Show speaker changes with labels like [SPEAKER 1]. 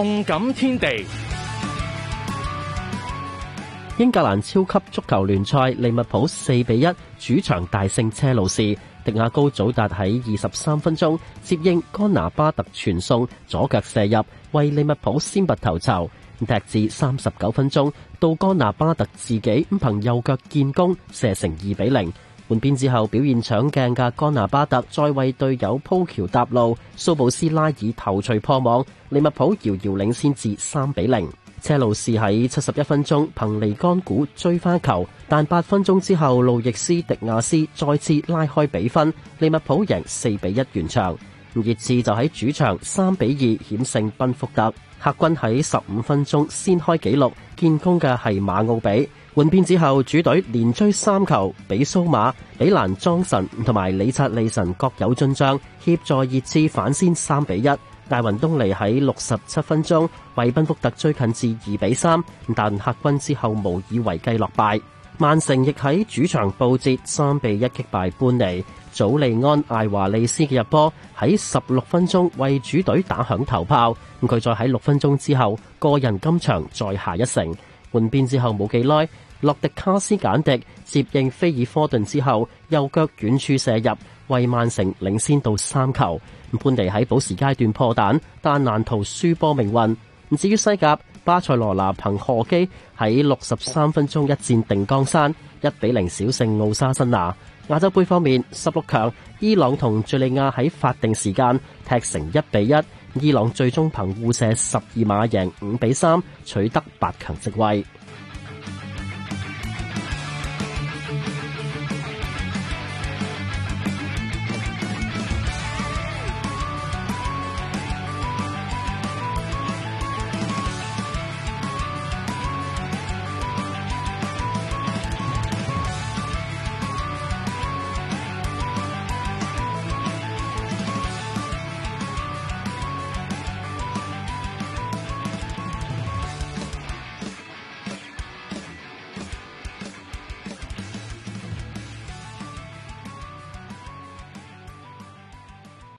[SPEAKER 1] 動感天地，英格蘭超級足球聯賽，利物浦四比一主場大勝車路士。迪亞高祖達喺二十三分鐘接應干拿巴特傳送，左腳射入，為利物浦先拔頭籌。踢至三十九分鐘，到干拿巴特自己憑右腳建功，射成二比零。換邊之後，表現搶鏡嘅乾拿巴特再為隊友鋪橋搭路，蘇布斯拉爾頭槌破網，利物浦遙遙領先至三比零。車路士喺七十一分鐘憑尼干古追翻球，但八分鐘之後路易斯迪亞斯再次拉開比分，利物浦贏四比一完場。熱刺就喺主場三比二險勝賓福特，客軍喺十五分鐘先開紀錄，建功嘅係馬奧比。換邊之後，主隊連追三球，比蘇馬、比蘭莊神同埋里察利神各有進賬，協助熱刺反先三比一。艾雲東尼喺六十七分鐘為賓福特追近至二比三，但客軍之後無以為繼落敗。曼城亦喺主場報捷三比一擊敗般尼。祖利安艾華利斯嘅入波喺十六分鐘為主隊打響頭炮，佢再喺六分鐘之後個人今場再下一城。換邊之後冇幾耐，洛迪卡斯簡迪接應菲爾科頓之後，右腳遠處射入，為曼城領先到三球。判地喺補時階段破蛋，但難逃輸波命運。至於西甲，巴塞羅那憑賀基喺六十三分鐘一戰定江山，一比零小勝奧沙辛拿。亞洲杯方面強，十六強伊朗同敘利亞喺法定時間踢成一比一，伊朗最終憑互射十二碼贏五比三，取得八強席位。